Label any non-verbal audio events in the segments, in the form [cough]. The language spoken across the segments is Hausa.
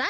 está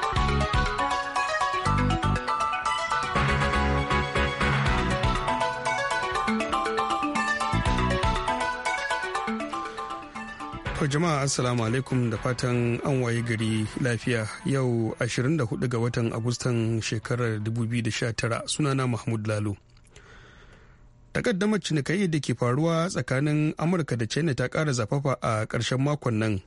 To jama'a assalamu alaikum da fatan an waye gari lafiya yau 24 ga watan agustan shekarar 2019 sunana Mahmud Lalo. Takaddamar cinikai da ke faruwa tsakanin Amurka da China ta ƙara zafafa a ƙarshen makon nan.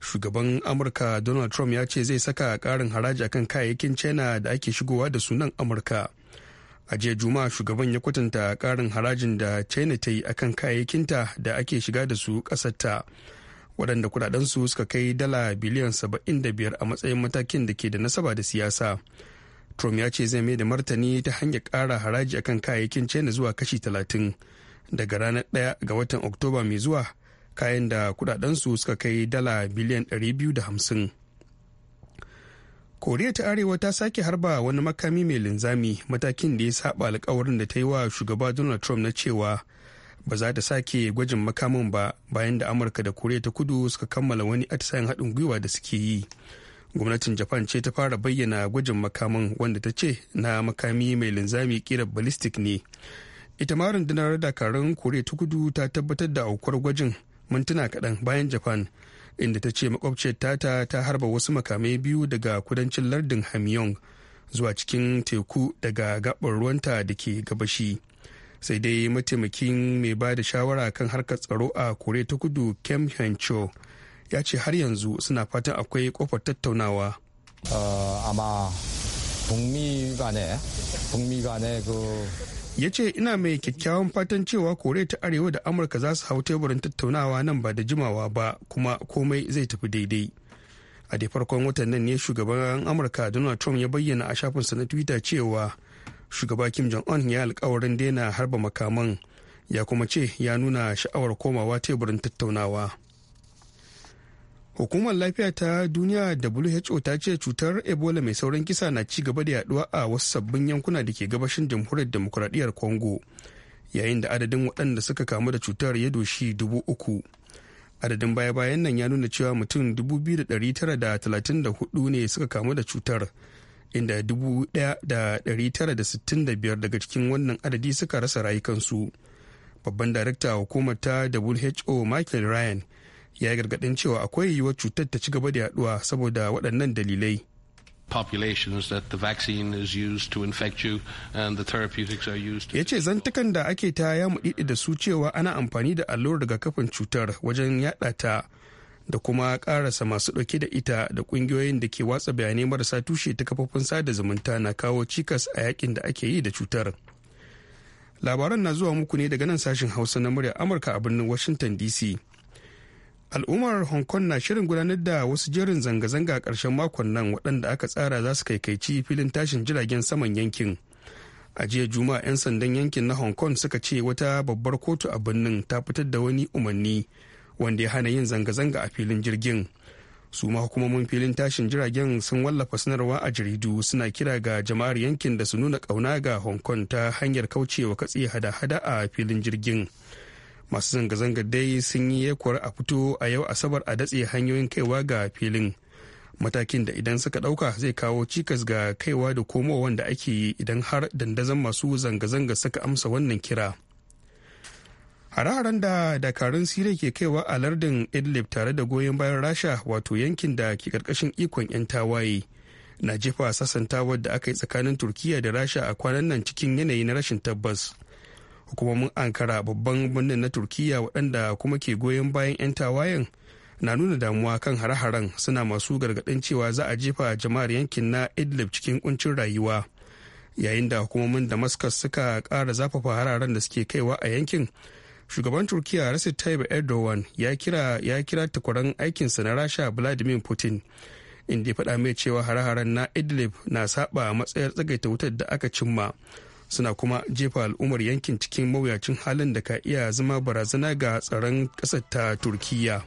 Shugaban Amurka Donald Trump ya ce zai saka ƙarin haraji akan kayayyakin China da ake shigowa da sunan Amurka. a jiya juma'a shugaban ya kwatanta ƙarin harajin da china ta yi akan kayayyakinta da ake shiga da su ƙasarta. ta waɗanda kudadensu suka kai dala biliyan 75 a matsayin matakin da ke da nasaba da siyasa trump ya ce zai mai da martani ta hanyar kara haraji akan kayayyakin china zuwa kashi 30 daga ranar 1 ga watan oktoba mai zuwa kayan da kudadensu suka kai dala biliyan 250 koriya ta arewa ta sake harba wani makami mai linzami matakin da ya saba alkawarin da ta yi wa shugaba donald trump na cewa ba za ta sake gwajin makamin ba bayan da amurka da koriya ta kudu suka kammala wani atisayen haɗin gwiwa da suke yi gwamnatin japan ce ta fara bayyana gwajin makamin wanda ta ce na makami mai linzami kira ballistic ne ita ma rundunar dakarun koriya ta kudu ta tabbatar da aukuwar gwajin mintuna kaɗan bayan japan inda ta ce makwabciyar tata ta harba wasu makamai biyu daga kudancin lardin hamyong zuwa cikin teku daga gabar ruwanta da ke gabashi sai dai mataimakin mai ba da shawara kan harkar tsaro a koriya ta kudu kem hancho ya ce har yanzu suna fatan akwai kofar tattaunawa uh, ya ce ina mai kyakkyawan fatan cewa koreya ta arewa da amurka za su hau teburin tattaunawa nan ba da jimawa ba kuma komai zai tafi daidai a dai farkon watan nan ne shugaban amurka donald trump ya bayyana a shafinsa na twitter cewa shugaba kim jong-un ya alkawarin daina harba makaman ya kuma ce ya nuna sha'awar komawa teburin tattaunawa hukumar lafiya ta duniya who ta ce cutar ebola mai sauran kisa na ci gaba da yaduwa a wasu sabbin yankuna da ke gabashin jamhuriyar demokuraɗiyyar congo yayin da adadin waɗanda suka kamu da cutar ya doshi dubu uku adadin baya-bayan nan ya nuna cewa mutum 2,934 ne suka kamu da cutar inda 1,965 daga cikin wannan adadi suka rasa rayukansu. Babban darakta hukumar ta WHO Michael Ryan ya yi gargaɗin cewa akwai yiwuwar cutar ta ci gaba da yaduwa saboda waɗannan dalilai. populations that Ya ce zantukan da ake ta ya da su cewa ana amfani da allurar rigakafin cutar wajen yaɗa ta da kuma karasa masu dauke da ita da ƙungiyoyin da ke watsa bayanai marasa tushe ta kafofin sada zumunta na kawo cikas a yakin da ake yi da cutar labaran na zuwa muku ne daga nan sashen hausa na murya amurka a birnin washington dc al'ummar hong kong na shirin gudanar da wasu jerin zanga-zanga a ƙarshen makon nan waɗanda aka tsara za su kaikaici filin tashin jiragen saman yankin a jiya juma'a 'yan sandan yankin na hong kong suka ce wata babbar kotu a birnin ta fitar da wani umarni wanda ya hana yin zanga-zanga a filin jirgin su ma hukumomin filin tashin jiragen sun wallafa sanarwa a jaridu suna kira ga jama'ar yankin da su nuna kauna ga hong kong ta hanyar kaucewa katse hada-hada a filin jirgin masu zanga zanga dai sun yi yakuwar a fito a yau asabar a datse hanyoyin kaiwa ga filin matakin da idan suka dauka zai kawo cikas ga kaiwa da komowa wanda ake yi idan har dandazon masu zanga-zanga suka amsa wannan kira. a da dakarun siriya ke kaiwa a lardin idlib tare da goyon bayan rasha wato yankin da ke karkashin ikon 'yan tawaye na jefa sasantawar da aka yi tsakanin turkiya da rasha a kwanan nan cikin yanayi na rashin tabbas hukumomin ankara babban birnin na turkiya waɗanda kuma ke goyon bayan 'yan tawayen na nuna damuwa kan hare suna masu gargaɗin cewa za a jefa jama'ar yankin na idlib cikin kuncin rayuwa yayin da hukumomin damascus suka kara zafafa hararen da suke kaiwa a yankin shugaban turkiya recep tayyip erdogan ya kira ya kira takwaran aikinsa na rasha vladimir putin inda ya faɗa mai cewa hare-haren na idlib na saba matsayar tsagaita wutar da aka cimma suna kuma jefa al'ummar yankin cikin mawuyacin halin da ka iya zama barazana ga tsaron ƙasar ta turkiyya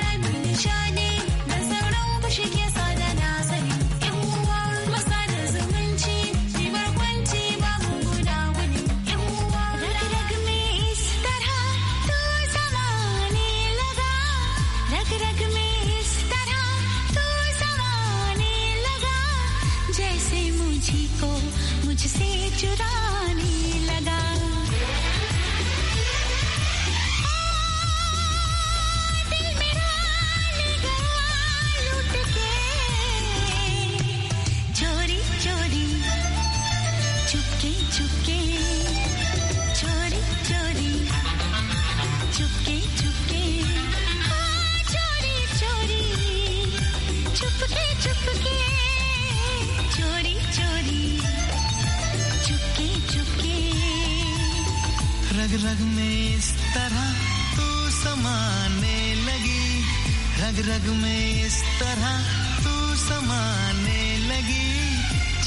रग रग में इस तरह तू समाने लगी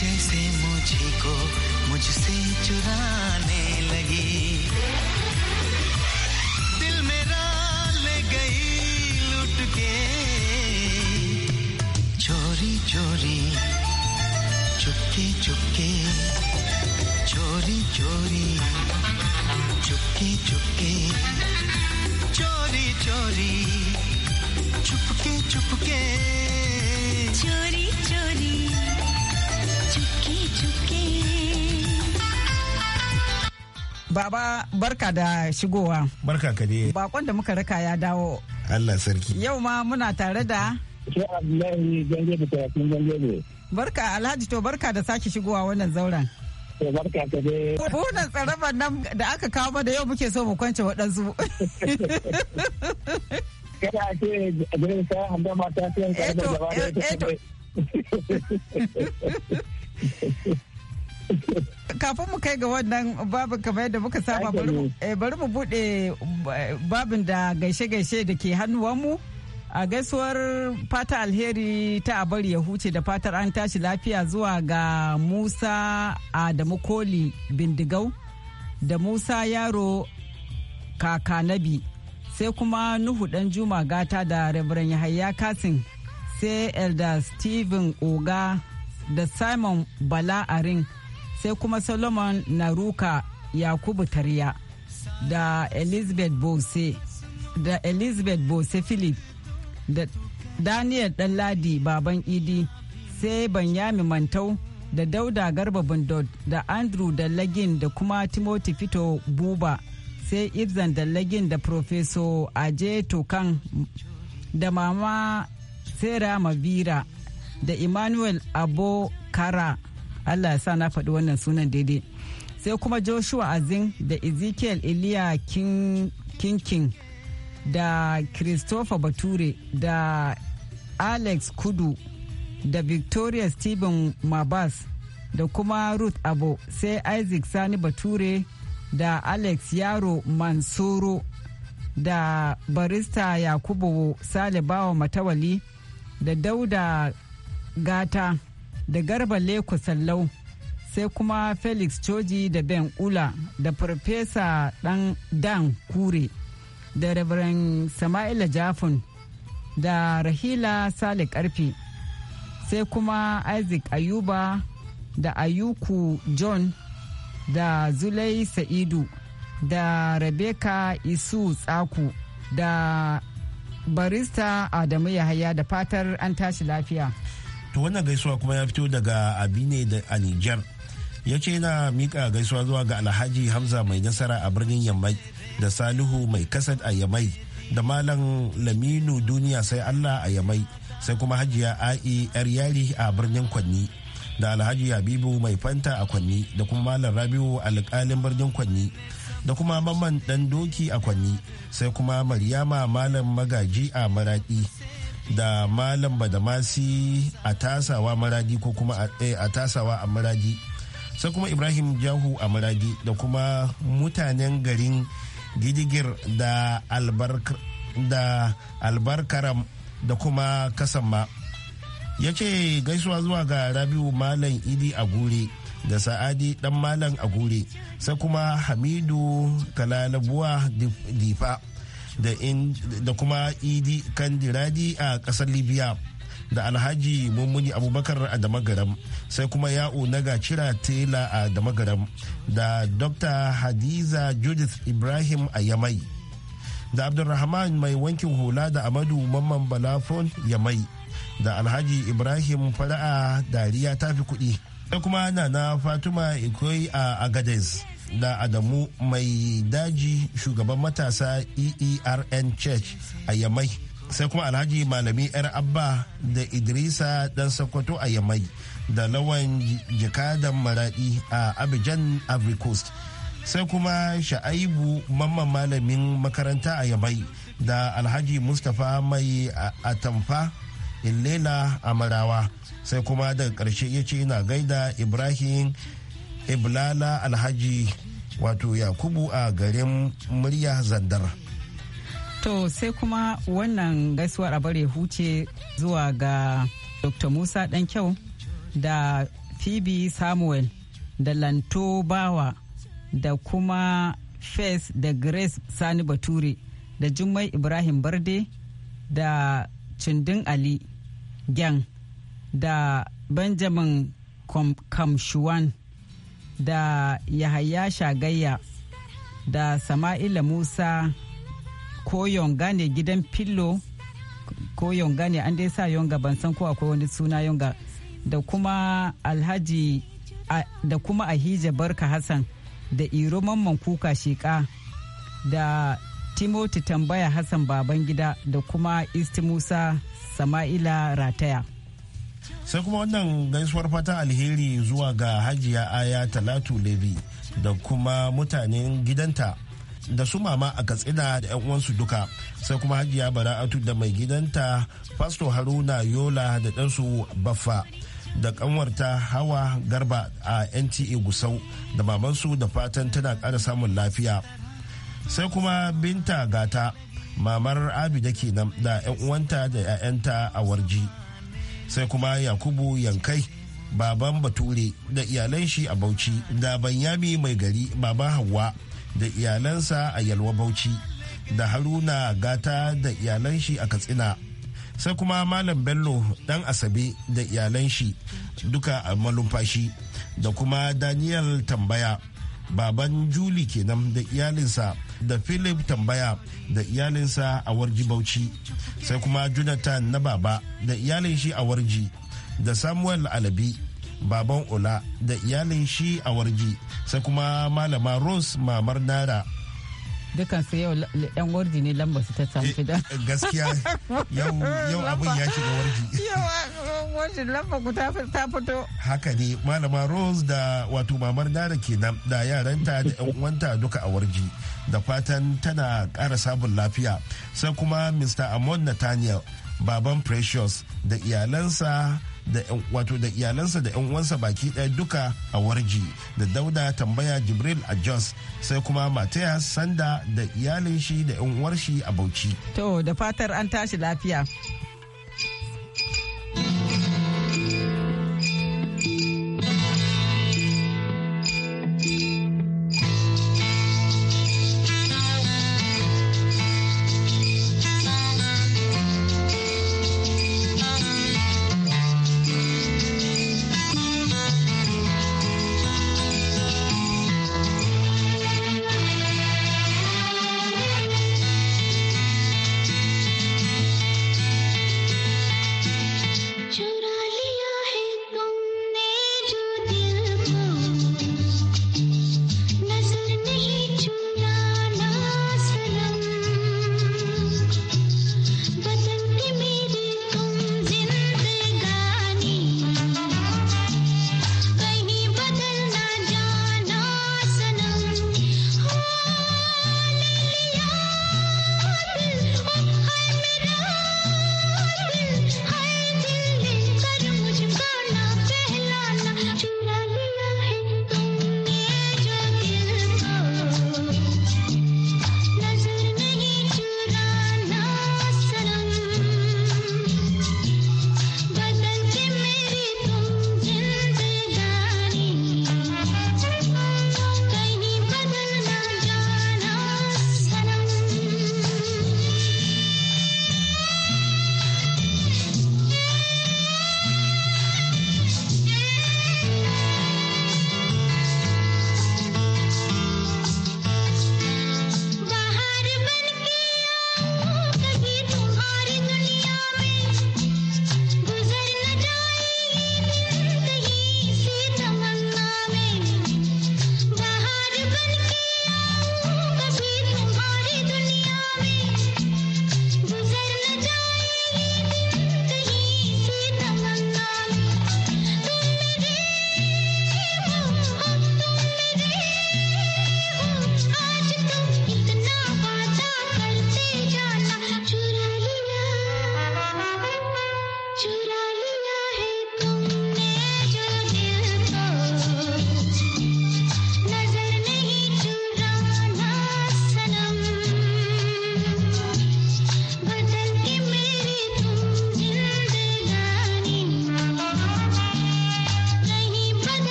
जैसे मुझे को मुझसे चुराने लगी दिल मेरा ले गई लुट के चोरी चोरी चुपके चुपके चोरी चोरी चुपके चुपके चोरी चोरी चुपके चुपके चोरी चोरी चुपके Chupke Baba barka da shigowa. Barka ka dai. Bakon da muka raka ya dawo. Allah sarki. Yau ma muna tare da? da Barka Alhaji to barka da sake shigowa wannan zauren. Barka Bunan tsaraban nan da aka kawo da yau muke so mu kwance waɗansu. [laughs] kada a ce gudun gaba da eh, kafin mu kai ga wannan babin kamar yadda muka saba bari mu eh, bude eh, babin da gaishe-gaishe da ke hannuwanmu a gaisuwar fata alheri ta abar ya huce da fatar an tashi lafiya zuwa ga musa adamu koli bindigau da musa yaro kakanabi sai kuma nuhu dan juma gata da rabaran yahaya kasin sai elda steven oga da simon bala arin sai kuma solomon naruka yakubu tarya da elizabeth bose da elizabeth bose philip da daniel danladi baban idi sai banyami mantau da dauda garba bundod da andrew da lagin da kuma timothy fito buba sai ibzan dallagin da profeso aje tokan da mama sera mavira da emmanuel abokara allah ya sa na faɗi wannan sunan daidai sai kuma joshua azin da ezekiel iliya kinkin da christopher bature da alex kudu da victoria stephen mabas da kuma ruth abo sai isaac sani bature da alex yaro mansuru da barista yakubu salibawa matawali da dauda gata da garba leku sallau sai kuma felix choji da ben ula da farfesa dan dan kure da reverend sama'ila jafun da rahila sale karfe sai kuma isaac ayuba da ayuku john da zulai sa'idu da rebecca isu tsaku da barista adamu yahaya da fatar an tashi lafiya to wannan gaisuwa kuma ya fito daga abine da a nijar ya ce yana mika gaisuwa zuwa ga alhaji hamza mai nasara a birnin yammai da salihu mai kasad a yamai da malam laminu duniya sai allah a yamai sai kuma hajiya a'i yar yari a birnin kwanni da alhaji habibu mai fanta a kwanni da kuma malam rabiu alkalin birnin kwanni da kuma mamman dan doki a kwanni sai kuma maryama malam magaji a maraki da malam badamasi a tasawa maradi ko kuma a eh, tasawa a maradi sai kuma ibrahim jahu a maradi da kuma mutanen garin gidigir da albarkaram da kuma kasamma ya ce gaisuwa zuwa ga rabiu malam idi a gure da sa'adi dan malam a gure sai kuma hamidu kalalabuwa difa da kuma idi kandiradi a kasar libya da alhaji mummuni abubakar a damagaram sai kuma ya'u na gacira tela a damagaram da dr hadiza judith ibrahim a yamai da abdulrahman mai wankin hula da amadu mamman balafon yamai da alhaji ibrahim fara'a dariya ta fi kuɗi da kuma nana fatima ikoyi a Agadez da adamu mai daji shugaban matasa eern church a yamai sai kuma alhaji malami yar abba da idrisa dan sokoto a yamai da lawan jikadan maradi a abidjan ivory coast sai kuma sha'aibu mamman malamin makaranta a yamai da alhaji mustapha mai atamfa a amarawa sai kuma daga karshe ya ce na gaida ibrahim iblala alhaji wato yakubu a garin murya zandar to sai kuma wannan gaisuwar a bare huce zuwa ga dr musa kyau da phoebe samuel da lanto bawa da kuma face da grace sani bature da jummai ibrahim barde da cindin ali Gyan da Benjamin Kamshuwan da Yahaya Shagayya da Sama'ila Musa ko yonga gidan fillo ko yonga an dai sa yonga ban san ko akwai wani suna yonga da kuma alhaji da kuma ahija barka hassan da iro mamman kuka shika da timoti tambaya hassan babangida da kuma isti musa sama'ila rataya sai kuma wannan gaisuwar fatan alheri zuwa ga hajiya aya talatu levi da kuma mutanen gidanta da su mama a katsina da 'yan uwansu duka sai kuma hajiya bara'atu da mai gidanta pastor haruna yola da ɗansu baffa da kanwarta hawa garba a nta gusau da babansu da fatan tana ƙara samun lafiya sai kuma binta gata mamar abida kenan da 'yan uwanta da 'ya'yanta a warji sai kuma yakubu yankai baban bature da iyalan shi a bauchi da banyami mai gari baban hawa da iyalansa a yalwa bauchi da haruna gata da iyalan shi a katsina sai kuma malam bello dan asabe da iyalan shi duka a malumfashi da kuma daniel tambaya baban juli kenan da iyalinsa da philip tambaya da iyalinsa a warji bauchi sai kuma jonathan na baba da iyalin shi a warji da samuel alabi baban ola da iyalin shi a warji sai kuma malama rose mamar nara su yau yan warji ne lamba su ta samu eh, da eh, gaskiya [laughs] yau abin ya shiga warji warji lamba ku ta fito haka ne malama rose da wato mamar nana kenan da yaranta da yan uwanta duka a warji da fatan tana kara sabon lafiya sai kuma mr amon nathaniel baban precious da iyalansa da wato da iyalansa da yan uwansa baki daya duka a warji da dauda tambaya jibril a jos sai kuma mataya sanda da iyalin shi da yan uwar shi a bauchi to da fatar an tashi lafiya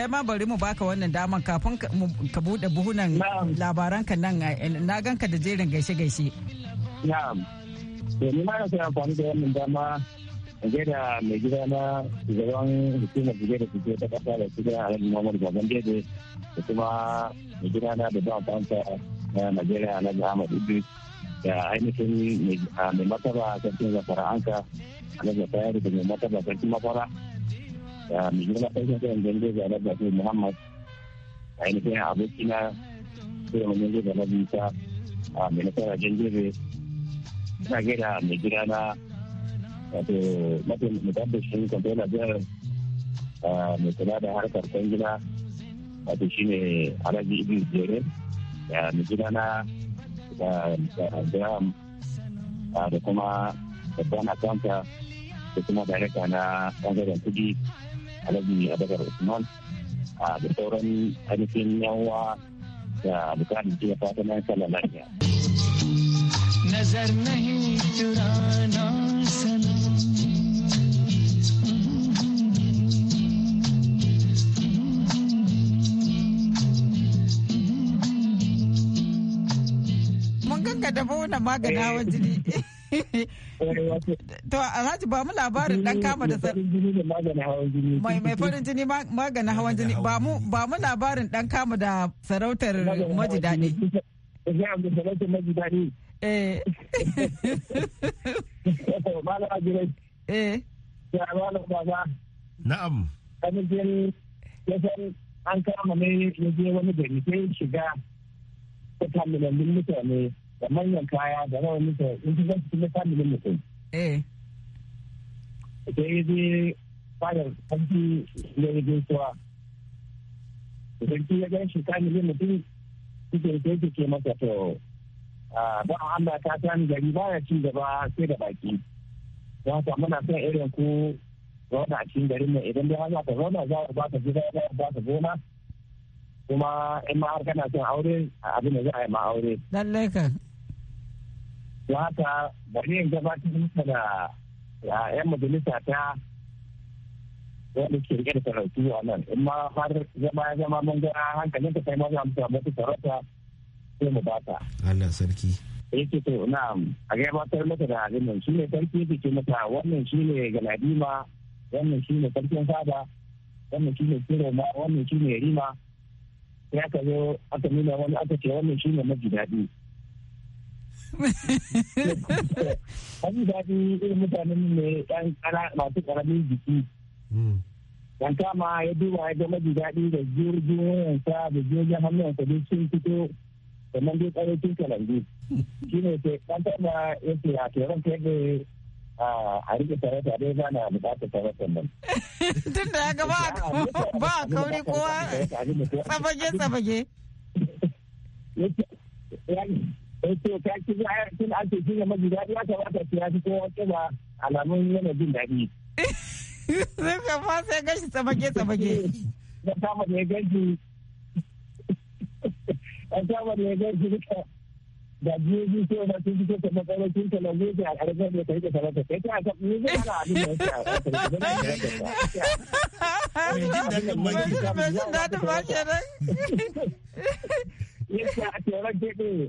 kai ma bari mu baka wannan daman kafin ka bude buhunan labaran ka nan eh, eh, na ganka da jerin gaishe-gaishe. Na'am. mana ma na sai amfani da wannan dama je da mai gida na shugaban hukumar shige da fice ta kasa da su gina alhaji muhammadu baban dede da kuma mai gida na da ban fanta na najeriya alhaji ahmad idris da ainihin mai ah, martaba sarkin zafara anka alhaji tayari da mai martaba sarkin mafara mai girma sarkin kiran gange da rabu da muhammad a ainihin abokina sai wani gange da rabu a mai nasara gange ina gaida mai gida na wato mafi mutabbashin kwantona jihar mai kula da harkar kan gida wato shi ne alhaji idris jere mai gida na graham da kuma babban akanta da kuma darekta na bangaren kudi alhaji abubakar usman da sauran ainihin yawa da bukatun ke fata na kala lafiya. نظر नहीं चुराना सनम mun gaggada ba wannan maganin hawan jini eh. [laughs] To Alhaji ba mu labarin dan kama da sarauta mai farin jini maganin hawan jini ba mu ba mu labarin dan kama da sarautar majidani daɗi. Sarautar maji daɗi. Eh. [laughs] Eh. Na'am. Kamar ya san an kama ne ya je wani gari sai shiga ta kammalin mutane da manyan kaya da rawa muka in ji zan cikin familin mutum. Eh. Da ya je fadar da ya yi gaisuwa. Sarki ya gan shi familin mutum suke sai suke masa to ba Allah ta sani gari baya ci gaba sai da baki. Ya ta muna son irin ku zauna a cikin garin nan idan dai har za ka zauna za ka ba ka gida za ka ba ta gona. Kuma in ma har kana son aure abin da za a yi ma aure. Lallai ka Wata haka bari in gabatar mutu da yan majalisa ta wani ke rike da sarautu a nan in ma har zama ya zama mun ga hankalin ka kai ma za mu samu wata sarauta ko mu bata. Allah sarki. yake eh, to na a gabatar mata da halimin shi ne sarki yake ce mata wannan shi ne galadima wannan shi ne sarkin fada wannan shi ne ma wannan shi ne rima Ya ka zo aka nuna wani aka ce wannan shi ne majidadi. daɗi Hannun shafi irin mutanen ne ɗan masu ƙaramin jiki. Dan kama ya duba ya ga ji daɗi da jirgin wayansa da jirgin hannunsa duk sun fito sannan dai ƙarancin kalangu. Shi ne sai ɗan kama ya ce a turan ta yadda a rike sarauta dai ba na bukatar sarautar nan. Tun da ya gaba ba a kauri kowa tsabage tsabage. Eh, to ta ci tun ake shi ne maji daɗi ya kamata su ya fi kowa ba alamun yana jin daɗi. [laughs] Sai ka fa sai gashi tsamage tsamage. Da kama da ya gaji. Da kama da ya gaji duka. Da biyu biyu sai wani sun fito ta matsalolin ta na zuci a ƙarfin da ta rike sarrafa. Sai ta aka yi zai ana abin da ya ke a ƙarfin da ta rike sarrafa.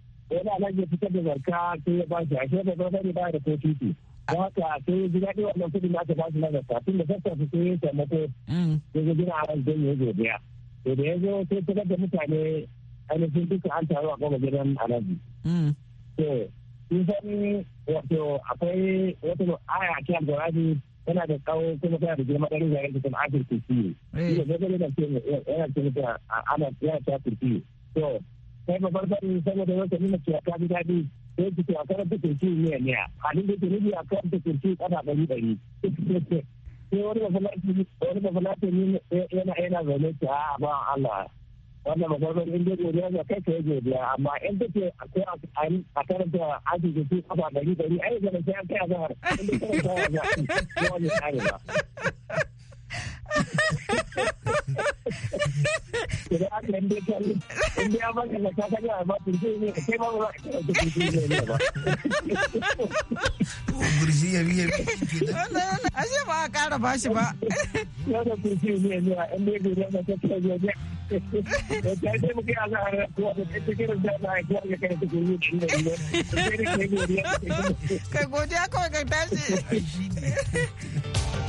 yana nan ya fitar da zarka sai ya bashi a shi da gwamnati ba da ko titi don haka sai ya ji daɗi wannan kuɗi na ta bashi na zarka tun da sassafe sai ya taimako mm. ya zo gina a ran zai ya godiya to da ya zo sai fitar da mutane ainihin duka an taru a goma gidan alaji. Mm. to sun san wato akwai wata aya a cikin gwamnati tana da tsawo kuma tana da girma ɗari zaren cikin afirka ciwo. Ina zai zai da ce yana cikin ana ta kurfi. To sai mafarkan saboda wata nuna cewa ta fi daɗi sai su ce a karar da kirki miya miya halin da ke a karar da kirki ƙasa ɗari ɗari sai wani mafalaci wani ne yana yana zaune ce a ba Allah wannan mafarkan ne dai godiya ga kai ka yi godiya amma in ta ce a karanta aji da su ƙasa ɗari ɗari ai zama sai an kai a zahar in dai karanta a zahar wani tsari ba. [laughs] Burji ya biya Ashe ba a ƙara bashi ba. Kai godiya kawai ka tashi.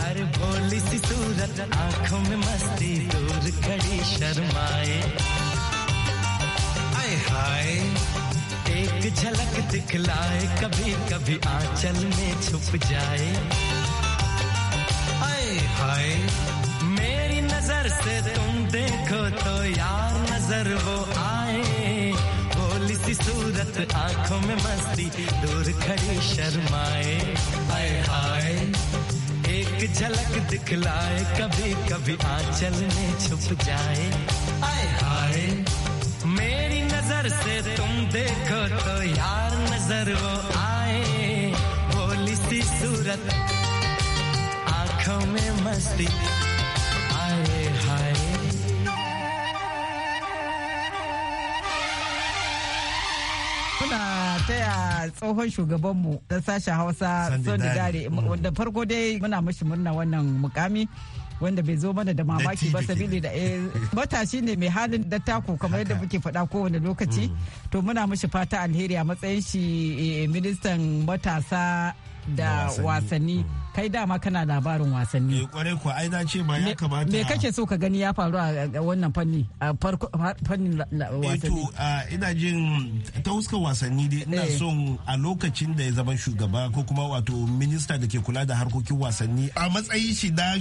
अरे भोली सी सूरत आंखों में मस्ती दूर खड़ी शर्मा आए हाय एक झलक दिखलाए कभी कभी आंचल में छुप जाए आए हाय मेरी नजर से तुम देखो तो यार नजर वो आ सी सूरत आंखों में मस्ती दूर खड़ी शर्माए हाय हाय एक झलक दिखलाए कभी कभी आंचल में छुप जाए आए हाय मेरी नजर से तुम देखो तो यार नजर वो आए बोली सी सूरत आंखों में मस्ती taya tsohon shugabanmu da sashen hausa sandi dare mm. wanda farko dai muna mashi murna wannan mukami wanda bai zo mana da mamaki ba sabili da eh, matashi ne mai halin dattako kamar yadda muke faɗa kowane lokaci mm. to muna mashi fata alheri a matsayin shi eh, ministan matasa da wasanni mm. kai dama kana labarin wasanni. Eh kware ko ai na ce ma ya kamata. Me kake so ka gani ya faru a wannan fanni a farko fannin wasanni. Eh to ina jin ta huskar wasanni dai ina eh. son a lokacin da ya zama shugaba ko kuma wato minista da ke kula da harkokin wasanni a matsayi shi na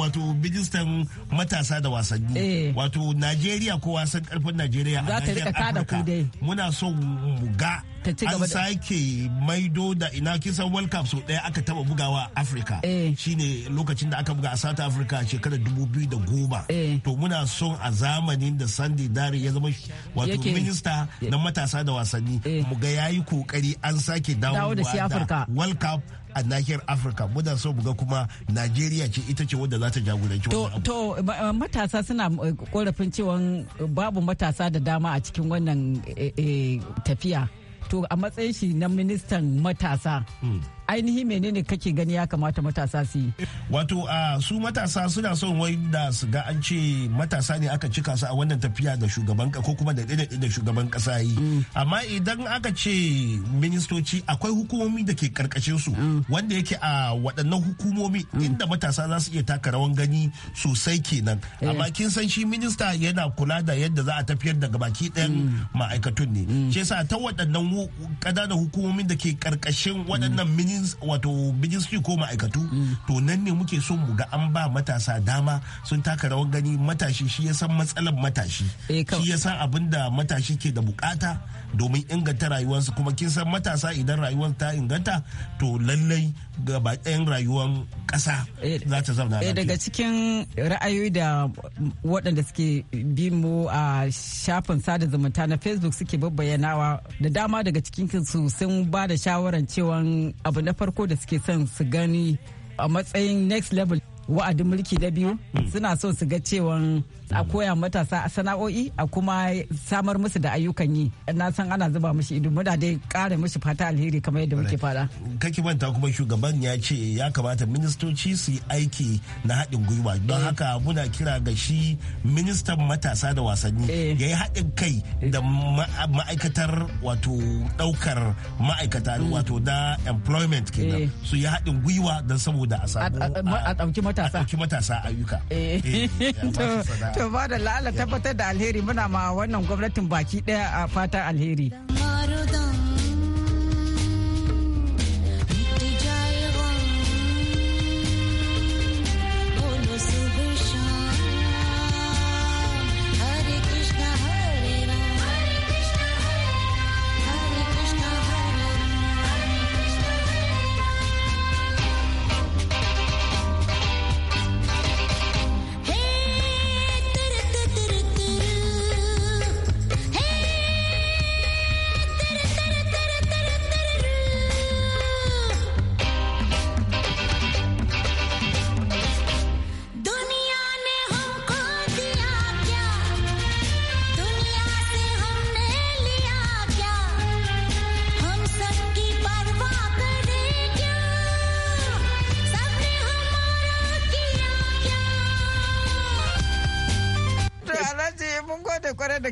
wato ministan matasa da wasanni. Eh. Wato Najeriya ko wasan karfin Najeriya a Najeriya Afirka. Muna son mu ga an sake maido da ina kisan World Cup so daya aka taba bugawa Afirka. Eh. shine lokacin da aka buga a South Africa a shekarar 2010 eh. to muna son a zamanin da Sandy Dare ya zama wato minista eh. na matasa da wasanni mu ga yayi kokari an sake dawo da World Cup a nahiyar afirka muna so ga kuma najeriya ce ita ce wadda za ta jagoranci wannan to matasa suna korafin cewa babu matasa da dama a cikin wannan tafiya to a matsayin shi na ministan matasa hmm. ainihi menene kake gani ya kamata matasa su yi wato su matasa suna son wai da su ga an ce matasa ne aka cika su a wannan tafiya da shugaban ko kuma da da shugaban kasa yi mm. amma idan aka ce ministoci akwai hukumomi da ke karkashin su mm. wanda yake a waɗannan hukumomi mm. inda matasa za su iya taka rawan gani sosai kenan amma kin san shi minista yana kula da yadda za a tafiyar daga baki ɗayan ma'aikatun ne ce sa ta waɗannan ƙananan hukumomin da ke karkashin waɗannan wato ministry ko ma'aikatu to nan ne muke so mu ga an ba matasa dama sun taka rawar gani matashi shi ya san matsalar matashi eh, shi ya san abin da matashi ke da bukata domin inganta rayuwarsu kuma kin san matasa idan rayuwar ta inganta to lallai ga bayan rayuwar ƙasa eh, za ta zauna eh, lafiya. daga cikin ra'ayoyi da waɗanda suke bi mu a shafin sada zumunta na facebook suke babbayanawa da dama daga cikin su sun ba da shawarar cewa abu na farko da suke son su gani a matsayin next level wa'adin mulki na biyu hmm. suna so su ga cewa a hmm. koya matasa sana'o'i a kuma samar musu da ayyukan yi na san ana zuba mushi ido muna dai kare mushi fata alheri kamar yadda muke fara kake manta kuma shugaban ya ce ya kamata ministoci su yi aiki na haɗin gwiwa don eh. haka muna kira ga shi ministan matasa da wasanni eh. ya yi haɗin kai da ma'aikatar wato ɗaukar ma'aikata hmm. wato na employment kenan eh. su yi haɗin gwiwa don saboda a samu a ɗauki matasa ɗauki matasa ayyuka eh. Eh, [laughs] to ba da la'ala tabbatar da alheri muna ma wannan gwamnatin baki ɗaya a fatan alheri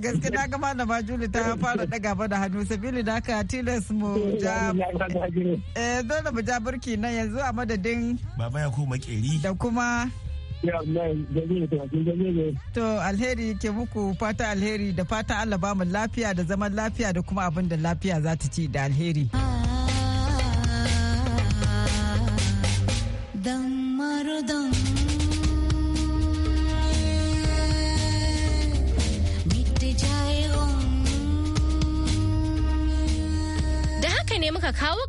da gaske na gama da majuli ta fara daga ba da hannu sabili da aka tilas mu eh, ja eh dole mu ja burki nan yanzu a madadin baba ya kuma makeri da kuma To alheri ke muku fata alheri da fata Allah ba mu lafiya da zaman lafiya da kuma abin da lafiya za ta ci da alheri.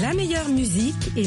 la meilleure musique et les